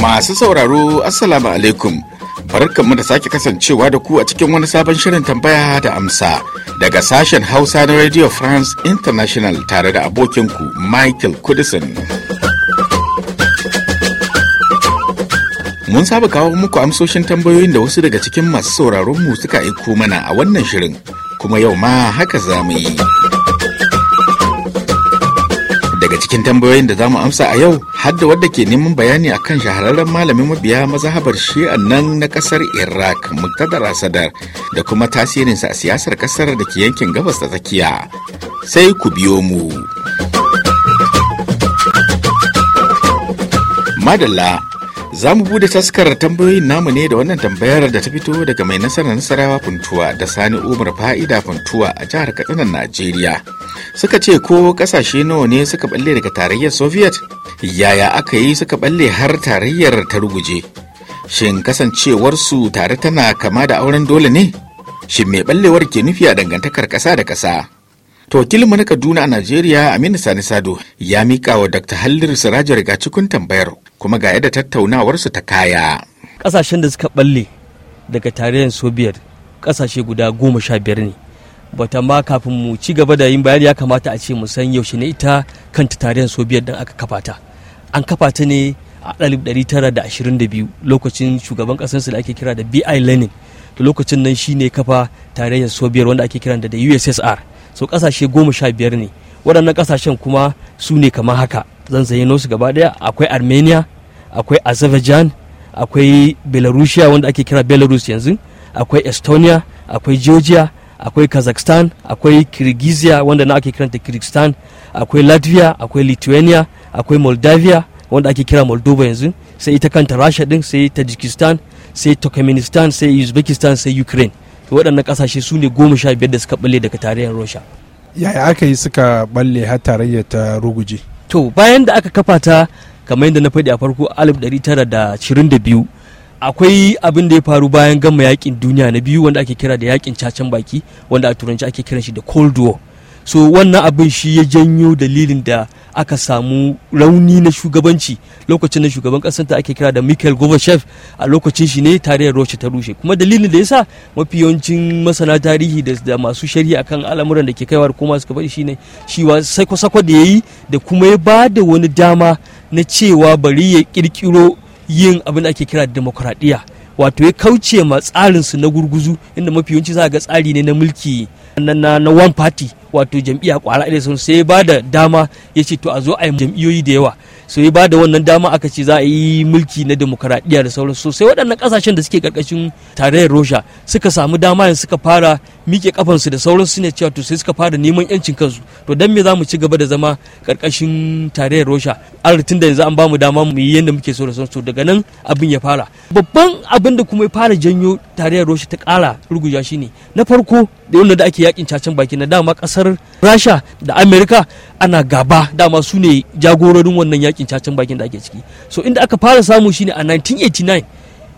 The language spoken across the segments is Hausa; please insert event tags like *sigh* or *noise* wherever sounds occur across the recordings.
Masu sauraro Assalamu alaikum barkanmu da sake kasancewa da ku a cikin wani sabon shirin tambaya da amsa daga sashen Hausa na Radio France International tare da abokinku Michael Kudisin. Mun saba kawo muku amsoshin tambayoyin da wasu daga cikin masu sauraron mu suka aiko mana a wannan shirin, kuma yau ma haka za mu yi. Daga cikin tambayoyin da za mu amsa a yau, har da wadda ke neman bayani a kan shahararren malamin mabiya mazahabar shi'an nan na kasar Iraq, Muktadar Sadar, da kuma tasirinsa a siyasar kasar da ke yankin gabas ta tsakiya. Sai ku biyo mu. Madalla Za mu bude taskar tambayoyin namu ne da wannan tambayar da ta fito daga mai nasarar nasarawa funtuwa da sani umar fa'ida funtuwa a jihar katsinan Najeriya. Suka ce ko kasashe nawa ne suka balle daga tarayyar Soviet? Yaya aka yi suka balle har tarayyar ta ruguje? Shin kasancewarsu tare tana kama da auren dole ne? Shin mai ballewar ke nufi a dangantakar ƙasa da ƙasa? To kilma na Kaduna a Najeriya Aminu Sani Sado ya mika wa Dr. Hallir Sirajar ga cikin tambayar kuma ga yadda tattaunawarsu ta kaya ƙasashen da suka balle daga tarayyar Sobiyar ƙasashe guda goma sha biyar ne bata ma kafin mu ci gaba da yin bayani ya kamata a ce mu san yaushe ne ita kanta tarayyar Sobiyar don aka kafa ta an kafa ta ne a tara da ashirin 1922 lokacin shugaban kasarsu da ake kira da bi lenin lokacin nan shine kafa tarayyar Sobiyar wanda ake kiran da ussr so kasashe goma sha biyar ne waɗannan kasashen kuma su ne kamar haka zan zayyano su gaba daya akwai armenia akwai azerbaijan akwai belarusia wanda ake kira belarus yanzu akwai estonia akwai georgia akwai kazakhstan akwai kirgizia wanda na ake kiranta kirgistan akwai latvia akwai lithuania akwai moldavia wanda ake kira moldova yanzu sai ita kanta rasha din sai tajikistan sai turkmenistan sai uzbekistan sai ukraine to waɗannan ƙasashe su ne goma sha biyar da suka balle daga tarayyar rasha yaya aka yi suka ɓalle har tarayyar ta ruguje to bayan da aka kafa ta kamar yadda na faɗi a farko 1922 akwai abin da ya faru bayan gama yakin duniya na biyu wanda ake kira da yakin cacen baki wanda a turanci ake kiran shi da cold war so wannan abin shi ya janyo dalilin da aka samu rauni na shugabanci lokacin da shugaban kasar ta ake kira da Mikhail Gorbachev a lokacin shi ne tarayyar Russia ta rushe kuma dalilin da yasa mafi yawancin masana tarihi da masu shari'a akan al'amuran da ke kaiwa kuma suka faɗi shine shi wa sako da yayi da kuma ya ba da wani dama na cewa bari ya kirkiro yin abin da ake kira demokradiyya wato ya kauce ma tsarinsu na gurguzu inda mafi yawanci za ga tsari ne na mulki na na one party wato jam'iyya kwara ɗaya sai ba da dama ya ce to a zo a yi jam'iyyoyi da yawa so ya bada wannan dama aka ce za a yi mulki na demokaradiyya da sauran sosai waɗannan ƙasashen da suke ƙarƙashin tarayyar roja suka samu dama yanzu suka fara miƙe kafansu da sauransu ne cewa to sai suka fara neman yancin kansu to dan me za mu ci gaba da zama ƙarƙashin tarayyar Russia tun da yanzu an mu dama mu yi yadda muke so da sauransu daga nan abin ya fara babban abin da kuma ya fara janyo tarayyar roja ta ƙara ruguja shi ne na farko da yau da ake yakin cacen baki na dama ƙasar Rasha da Amerika ana gaba dama su ne jagororin wannan yakin yakin cacin bakin da ake ciki so inda aka fara samu shine a 1989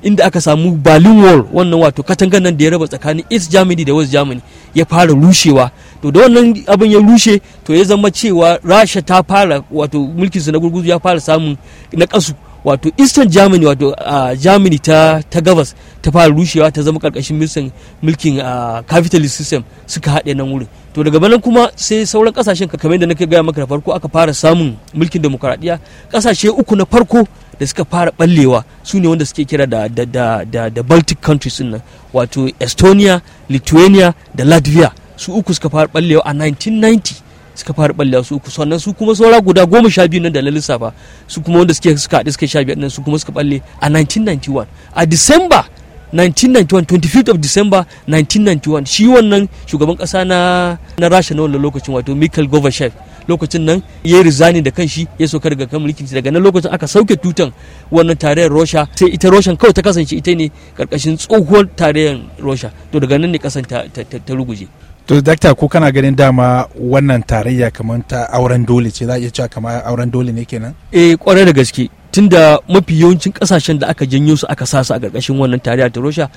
inda aka samu Berlin Wall wannan wato katangan nan da ya raba tsakanin East Germany da West Germany ya fara rushewa to da wannan abin ya rushe to ya zama cewa Rasha ta fara wato mulkin su na gurguzu ya fara samun na kasu wato eastern germany wato a germany ta, ta gabas ta fara rushewa ta zama karkashin mulkin mulkin capitalist system suka haɗe nan wurin to daga banan kuma sai sauran kasashen kamar da nake gaya maka da farko aka fara samun mulkin demokaradiyya kasashe uku na farko da suka fara ballewa su ne wanda suke kira da, da, baltic countries nan wato estonia lithuania da latvia su uku suka fara ballewa a 1990 suka fara balle su uku sannan su kuma saura guda goma sha biyu nan da na lissafa su kuma wanda suke suka haɗe suka sha biyar nan su kuma suka balle a 1991 a December 1991 25th of December 1991 shi wannan shugaban kasa na na Rasha na wannan lokacin wato michael Gorbachev lokacin nan ya yi rizani da kanshi ya sauka daga kan mulkin daga nan lokacin aka sauke tutan wannan tarayyar Russia sai ita Russia kawai ta kasance ita ne karkashin tsohuwar tarayyar Russia to daga nan ne kasan ta ruguje to dakta ko kana ganin dama wannan tarayya kamar ta auren dole ce za a iya cewa kamar auren dole ne kenan eh kwarai da gaske tunda mafi yawancin kasashen da aka janyo su aka sa su a ƙarƙashin wannan tarayya ta russia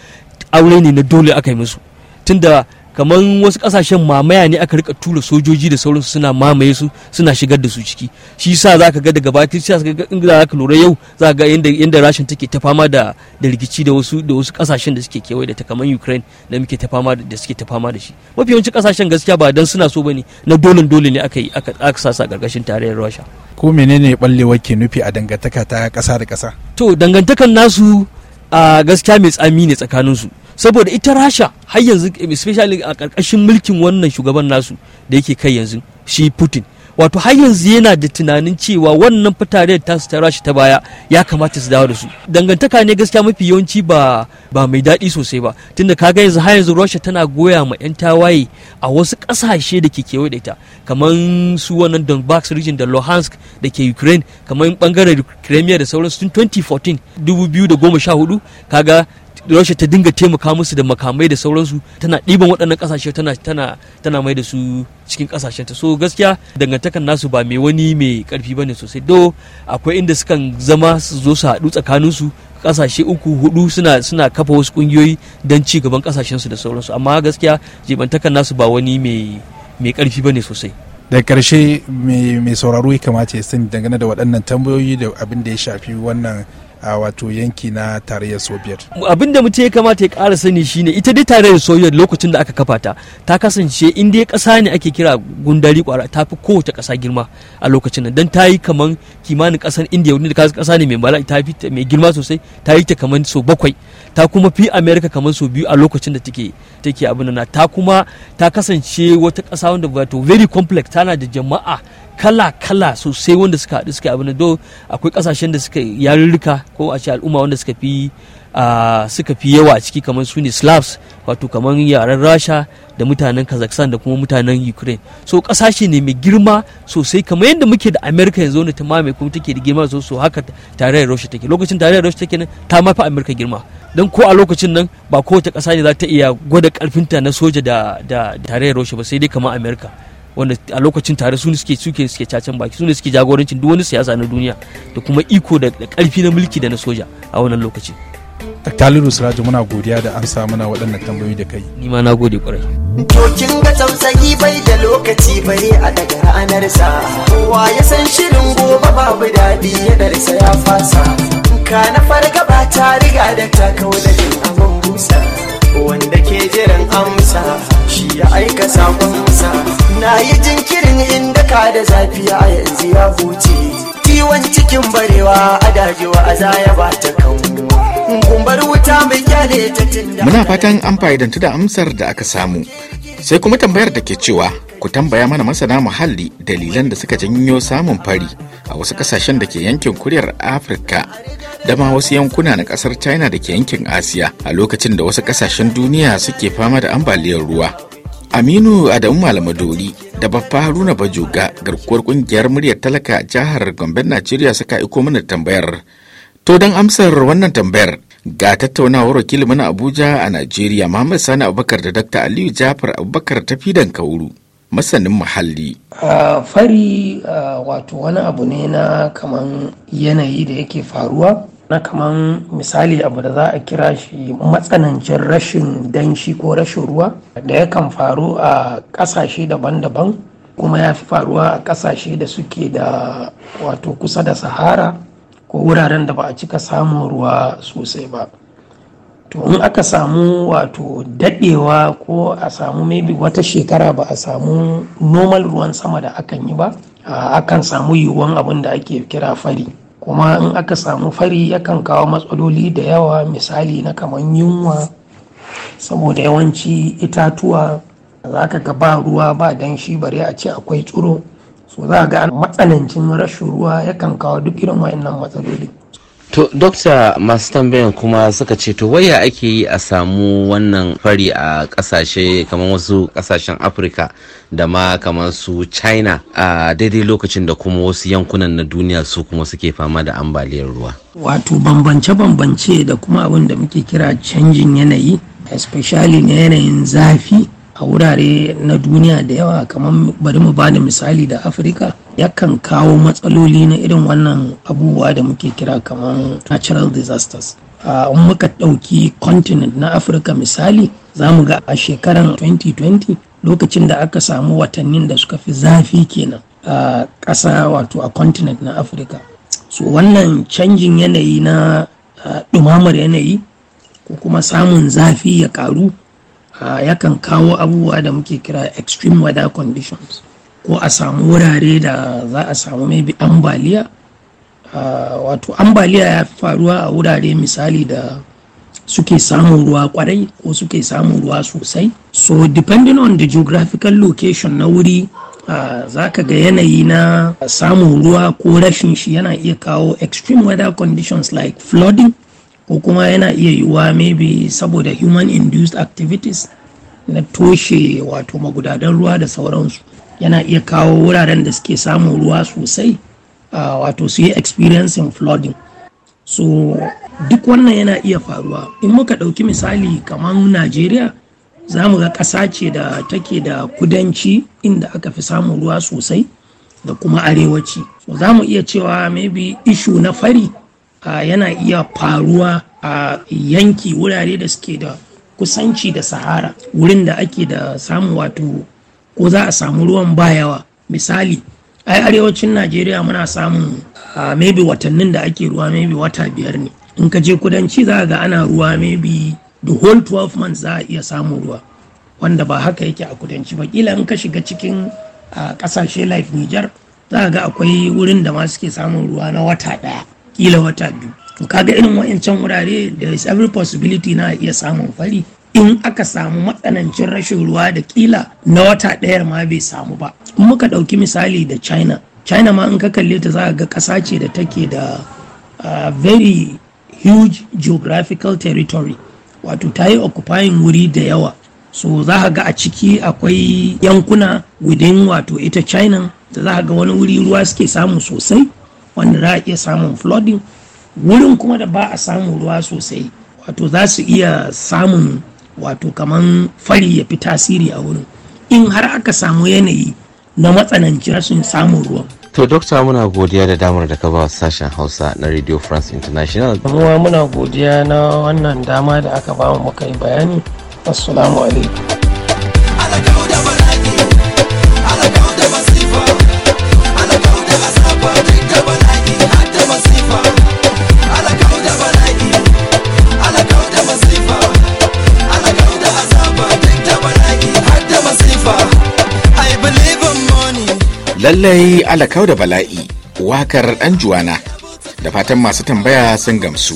aure ne na dole aka yi musu tunda kamar wasu kasashen mamaya ne aka rika tura sojoji da sauransu suna mamaye su suna shigar da su ciki shi sa za ka ga daga baya shi sa in za ka lura yau za ka ga yadda rashin take ta fama da da rikici da wasu da wasu kasashen da suke kewaye da ta kamar Ukraine da muke ta fama da suke ta fama da shi mafi yawancin kasashen gaskiya ba dan suna so bane na dolin dole ne aka yi aka aka sasa gargashin tarayyar Russia ko menene ballewar ke nufi a dangantaka ta kasa da kasa to dangantakan nasu a gaskiya mai tsami ne tsakaninsu su saboda ita rasha har yanzu especially a ƙarƙashin mulkin wannan shugaban nasu da yake kai yanzu shi putin wato har yanzu yana da tunanin cewa wannan fitare ta su ta Rasha ta baya ya kamata su dawo da su dangantaka ne gaskiya mafi yawanci ba ba mai daɗi sosai ba tunda kaga yanzu har yanzu Rasha tana goya ma yan tawaye a wasu ƙasashe da ke kewaye da ita kamar su wannan Donbass region da Luhansk da ke Ukraine kamar bangaren Crimea da sauransu tun 2014 2014 kaga Rasha ta dinga taimaka musu da makamai da sauransu tana ɗiban waɗannan ƙasashe tana tana tana mai da su cikin ƙasashen ta so gaskiya dangantakan nasu ba mai wani mai ƙarfi ba ne sosai do akwai inda sukan zama su zo su haɗu tsakaninsu ƙasashe uku hudu suna suna kafa wasu ƙungiyoyi don ci gaban kasashensu da sauransu amma gaskiya jibantakan nasu ba wani mai mai ba ne sosai da karshe mai sauraro ya kamata ya sani dangane da waɗannan tambayoyi da abin da ya shafi wannan a wato yanki na tarayyar soviet abin da mutum ya kamata ya kara sani shine ita dai tarayyar soviet lokacin da aka kafa ta ta kasance inda ya kasa ne ake kira gundari kwara ta fi kowace ƙasa girma a lokacin nan don ta yi kaman kimanin kasar india wani da kasa ne mai bala ta fi mai girma sosai ta yi ta kaman so bakwai ta kuma fi america kaman so biyu a lokacin da take take abin nan ta kuma ta kasance wata ƙasa wanda wato very complex tana da jama'a kala-kala sosai wanda suka haɗu suka abin do akwai ƙasashen da suka yarurruka ko a ce al'umma wanda suka fi suka fi yawa a ciki kamar su ne slavs wato kamar yaren rasha da mutanen kazakhstan da kuma mutanen ukraine so ƙasashe ne mai girma sosai kamar yadda muke da america yanzu wani ta mamaye kuma take da girma so so haka tarayyar rasha take lokacin tarayyar rasha take nan ta mafi america girma don ko a lokacin nan ba kowace kasa ne za ta iya gwada ƙarfinta na soja da tarayyar rasha ba sai dai kamar america wanda a lokacin tare su ne suke suke suke cacen baki su ne suke jagorancin duk wani siyasa na duniya da kuma iko da karfi na mulki da na soja a wannan lokaci Taliru Siraju muna godiya da an samu na waɗannan tambayoyi da kai. Ni ma na gode ƙwarai. Tokin ga tausayi bai da lokaci bai a daga ranarsa. Kowa ya san shirin gobe babu daɗi ya darsa ya fasa. Ka na fargaba ta riga da ta kawo da abin busa. wanda ke jiran amsa shi ya aika sakonsa na yi jinkirin inda ka da zafi a yanzu ya huce kiwon cikin barewa a dajewa a zaya ba ta kan gumbar wuta mai kyale ta tunda muna fatan an fa'idantu da amsar da aka samu sai kuma tambayar da ke cewa ku tambaya mana masana muhalli dalilan da suka janyo samun fari a wasu kasashen da ke yankin kuryar afirka da ma wasu yankuna na kasar china da ke yankin asiya a lokacin da wasu kasashen duniya suke fama da ambaliyar ruwa aminu adamu malamadori da baffa haruna bajoga garkuwar kungiyar muryar talaka jihar gombe najeriya suka iko mana tambayar to don amsar wannan tambayar ga tattaunawar wakilin na abuja a najeriya muhammad sani abubakar da dr aliyu jafar abubakar ta fidan kauru masanin muhalli fari wato wani abu ne na kaman yanayi da yake faruwa na kaman misali abu da za a kira shi matsanancin rashin danshi ko rashin ruwa da yakan faru a kasashe ƙasashe daban-daban kuma ya fi faruwa a ƙasashe da suke da wato kusa da sahara ko wuraren da ba a cika samun ruwa sosai ba to in aka samu wato daɗewa ko a samu maybe wata shekara ba a samu normal ruwan sama da akan yi ba akan samu yiwuwan abin da ake kira fari kuma in aka samu fari yakan kawo matsaloli da yawa misali na kamar yunwa saboda yawanci itatuwa za ka ga ba ruwa ba danshi bare a ce akwai tsuro so za ga matsanancin rashin ruwa yakan kawo duk irin wayannan matsaloli to dokta masu tambayan kuma suka ce to waya ake yi a samu wannan fari a kasashe kamar wasu kasashen afirka da ma kamar su china a daidai lokacin da kuma wasu yankunan na duniya su kuma suke fama da ambaliyar ruwa wato bambance-bambance da kuma abin da muke kira canjin yanayi especially na yanayin zafi a wurare na duniya da yawa kamar bari mu bada misali da afirka yakan kawo matsaloli na irin wannan abubuwa da muke kira kamar natural disasters in muka ɗauki continent na afirka misali za mu ga a shekarar 2020 lokacin da aka samu watannin da suka fi zafi kenan a ƙasa wato a continent na afirka so wannan canjin yanayi na ɗumamar yanayi ko kuma samun zafi ya ƙaru Ah, yakan kawo abubuwa da muke kira extreme weather conditions ko a samu wurare da za a samu maybe ambaliya ah, wato ambaliya ya fi faruwa a wurare misali da suke samun ruwa kwarai ko suke samun ruwa sosai so depending on the geographical location na wuri ah, za ka ga yanayi na samun ruwa ko rashin shi yana iya kawo extreme weather conditions like flooding ko kuma yana iya yiwuwa maybe saboda human induced activities na toshe wato magudadan ruwa da sauransu yana iya kawo wuraren da suke samun ruwa sosai uh, wato su yi experiencing flooding so duk wannan yana iya faruwa in muka ɗauki misali kamar najeriya za mu ga ƙasa ce da take da kudanci inda aka fi samun ruwa sosai da kuma arewaci so za mu iya cewa maybe ishu na fari yana iya faruwa a yanki wurare da suke da kusanci da sahara wurin da ake da samu wato ko za a samu ruwan bayawa misali ai arewacin najeriya muna samun maybe watannin da ake ruwa maybe wata biyar ne in ka je kudanci za ga ana ruwa maybe the whole 12 months za a iya samun ruwa wanda ba haka yake a kudanci ba kila in ka shiga cikin kasashe life niger za a ga akwai wurin da ma suke samun ruwa na wata daya kila wata biyu to kaga irin wa'ancan wurare da is every possibility na iya samun fari in aka samu matsanancin rashin ruwa da kila na wata ɗayar ma bai samu ba in muka ɗauki misali da china china ma in ka kalle ta za ga ƙasa ce da take da uh, very huge geographical territory wato ta yi occupying wuri da yawa so za ga a ciki akwai yankuna within wato ita china da za ga wani wuri ruwa suke samu sosai wanda za a iya samun flooding wurin kuma da ba a samun ruwa sosai wato za su iya samun wato kaman fari ya fi tasiri a wurin in har aka samu yanayi na matsananci rashin samun ruwa to dokta muna godiya da damar da ka ba sashen hausa na radio france international muna godiya na wannan dama da aka ba mu kai bayani assalamu alaikum lallai alakau da bala'i wakar dan juwana da fatan masu tambaya sun gamsu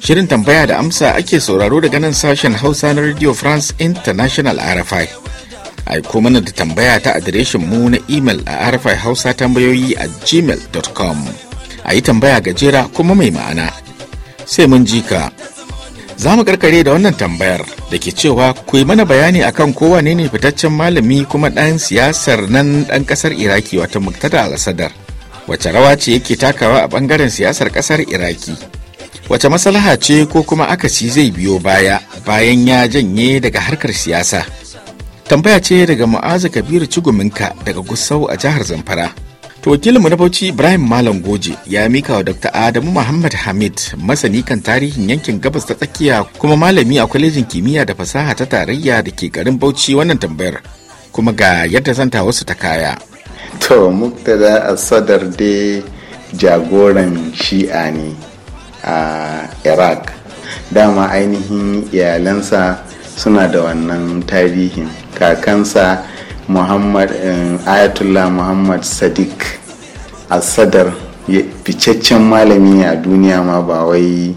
shirin tambaya da amsa ake sauraro daga nan sashen hausa na radio france international rfi aiko mana da tambaya ta adireshin mu na imel a rfi hausa tambayoyi a gmail.com a yi tambaya gajera kuma mai ma'ana sai mun ji ka za mu karkare da wannan tambayar da ke cewa ku yi mana bayani akan kowa ne ne fitaccen malami kuma ɗan siyasar nan ɗan ƙasar iraki wata muktada al-sadar wace rawa ce yake takawa a ɓangaren siyasar ƙasar iraki wace maslaha ce ko kuma akasi zai biyo baya bayan ya janye daga harkar siyasa tambaya ce daga mu'azu kabiru ciguminka daga gusau a jihar zamfara To mu na Bauchi Ibrahim Malam Goje ya mika wa Dr. Adamu Muhammad Hamid masani kan tarihin yankin gabas ta tsakiya kuma malami a kwalejin kimiyya da fasaha ta tarayya da ke garin Bauchi wannan tambayar kuma ga yadda zanta wasu ta kaya. To Muktada Asadar de jagoran shi'a ne a Iraq. Dama ainihin iyalansa suna da wannan tarihin kakansa muhammad eh, ayatollah muhammad sadiq al-sadar ficaccen malami a duniya ma ba wai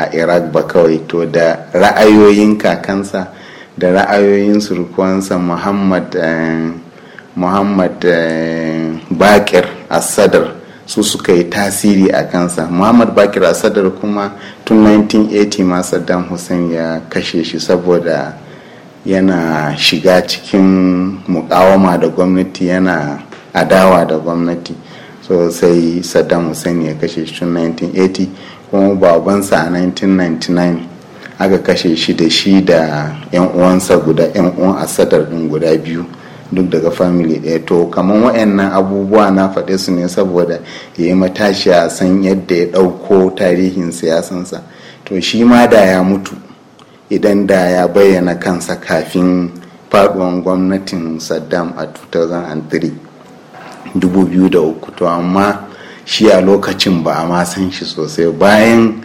a iraq ba kawai to da ra'ayoyin kakansa da ra'ayoyin surkuwansa muhammad eh, muhammad eh, bakir al-sadar su suka yi tasiri a kansa muhammad bakir al-sadar kuma tun 1980 ma saddam hussein ya kashe shi saboda yana shiga cikin mukawama da gwamnati yana adawa da gwamnati so sai saddam hussein ya kashe shi tun 1980 kuma babansa a 1999 aka kashe shi da shi da 'yan uwansa guda 'yan uwan asadar din guda biyu duk daga family ɗaya to kamar waɗannan abubuwa na faɗe su ne saboda ya yi a san yadda ya ɗauko tarihin siyasansa to shi ma da ya mutu idan da ya bayyana kansa kafin faduwan gwamnatin saddam a 2003 2003 to amma shi a lokacin ba a ma san shi sosai bayan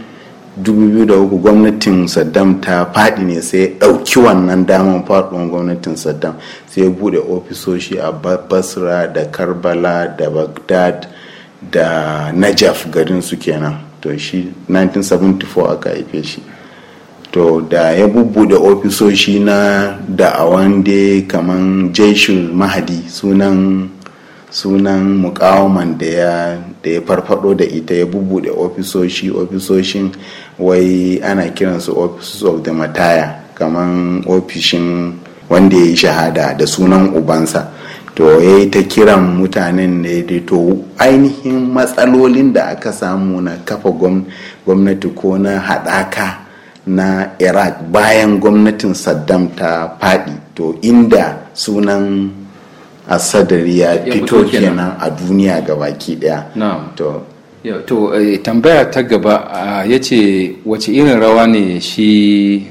2003 gwamnatin saddam ta faɗi ne sai ya ɗauki wannan daman faduwan gwamnatin saddam sai ya buɗe ofisoshi a basra da karbala da baghdad da najaf garin su kenan to shi 1974 aka haife shi to da ya bubbuɗe ofisoshi na da'awan da kaman jeshin mahadi sunan sunan mukawaman da ya da ya farfado da ita ya bubbuɗe ofisoshi ofisoshin wai ana kiransu offices of the mataya kaman ofishin wanda ya yi shahada da sunan ubansa to ya yi ta kiran mutanen ne da to ainihin matsalolin da aka samu na kafa gwamnati ko na haɗaka na iraq bayan gwamnatin saddam ta faɗi to inda sunan asadari ya fito kenan a duniya ga baki daya to eh, tambaya ta gaba ya ce wace irin rawa ne shi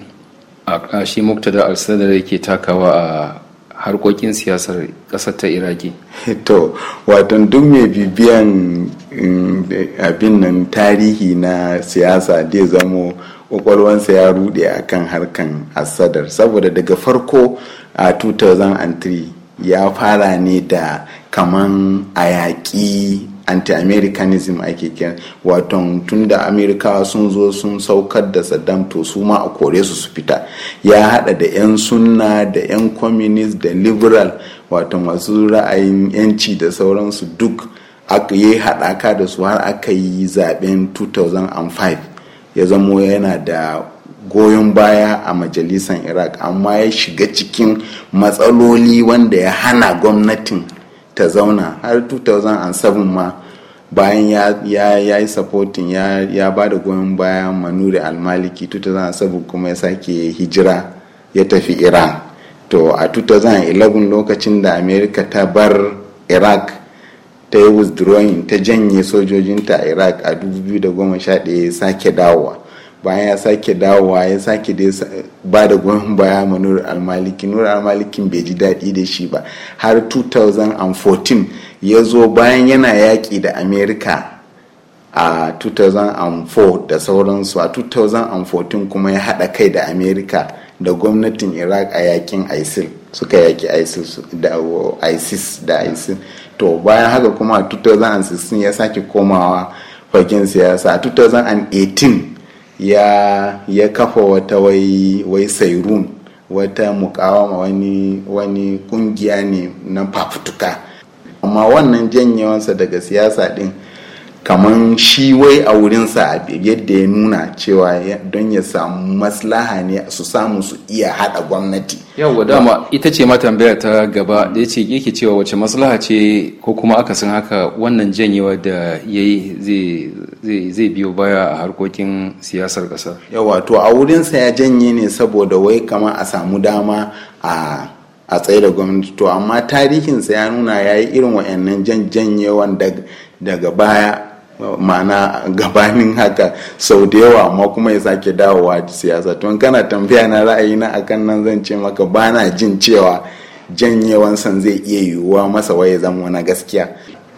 shi muktada al-sadar yake takawa a harkokin siyasar kasar ta iraki *laughs* to wato duk mai bibiyan mm, abin nan tarihi na siyasa zai zamo kwakwalwansa ya rude a kan harkan asadar saboda daga farko a 2003 ya fara ne da kaman a yaƙi anti-americanism ake kira waton tun da amerikawa sun zo sun saukar da saddam to su ma a kore su su fita ya hada da 'yan sunna da 'yan communist da liberal wato masu ra'ayin 'yanci da sauransu duk aka yi haɗaka da su har aka yi zaben 2005 ya zamo yana da goyon baya a majalisar iraq amma ya shiga cikin matsaloli wanda ya hana gwamnatin ta zauna har 2007 ma bayan ya yi supporting ya, ba da goyon baya al almaliki 2007 kuma ya sake hijira ya tafi iran to a 2011 lokacin da america ta bar iraq ta yi withdrawing ta janye sojojinta a iraq a 2011 sake dawowa bayan ya sake dawowa ya sake dai ba da goyon baya ma nur al-maliki nur al-maliki bai ji daɗi da shi ba har 2014 ya zo bayan yana yaƙi da amerika a 2004 da sauransu a 2014 kuma ya haɗa kai da amerika da gwamnatin iraq a yakin isil suka yaki isis da isis to bayan haka kuma 2016 ya sake komawa fagen siyasa 2018 ya ya kafa wata wai wai sairun wata mukawama wani wani kungiya ne na fafutuka amma wannan janyewansa daga siyasa din kamar shi wai a wurinsa yadda ya nuna cewa don ya samu maslaha ne su samu su iya hada gwamnati yawwa dama ita ce ma tambaya ta gaba da ya ce yake cewa wace maslaha ce ko kuma aka san haka wannan janyewa da ya yi zai biyo baya a harkokin siyasar ƙasa yawwa to a wurinsa ya janye ne saboda wai kama a samu dama a a tsaye da gwamnati to amma tarihinsa ya nuna ya yi irin wa'annan janyewan daga baya ma'ana gabanin haka sau da yawa amma kuma ya sake dawowa siyasa tun kana tambaya na ra'ayi na akan nan zan ce maka bana jin cewa janyewan san zai iya yiwuwa masa waye zama na gaskiya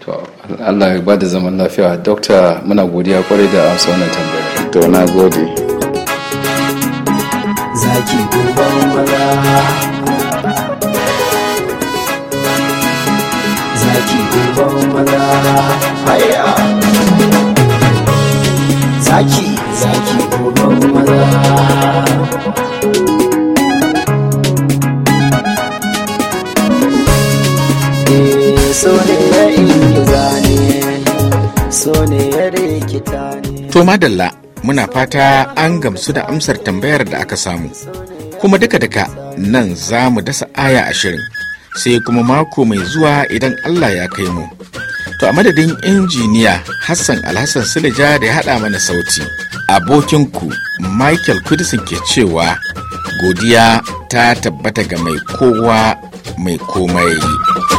to Allah ya bada zaman lafiya dokta muna godiya kwarai da amsa wannan tambaya to na gode zaki gobe zaki uban maza haya zaki zaki uban maza so ne ya ingiza ne so ne ya rikita ne to madalla muna fata an gamsu da amsar tambayar da aka samu kuma duka-duka nan za mu dasa aya ashirin sai kuma mako mai zuwa idan Allah ya kai mu. To a madadin injiniya Hassan Alhassan Silija da ya haɗa mana sauti, abokinku Michael Kudisin ke cewa godiya ta tabbata ga mai kowa mai komai.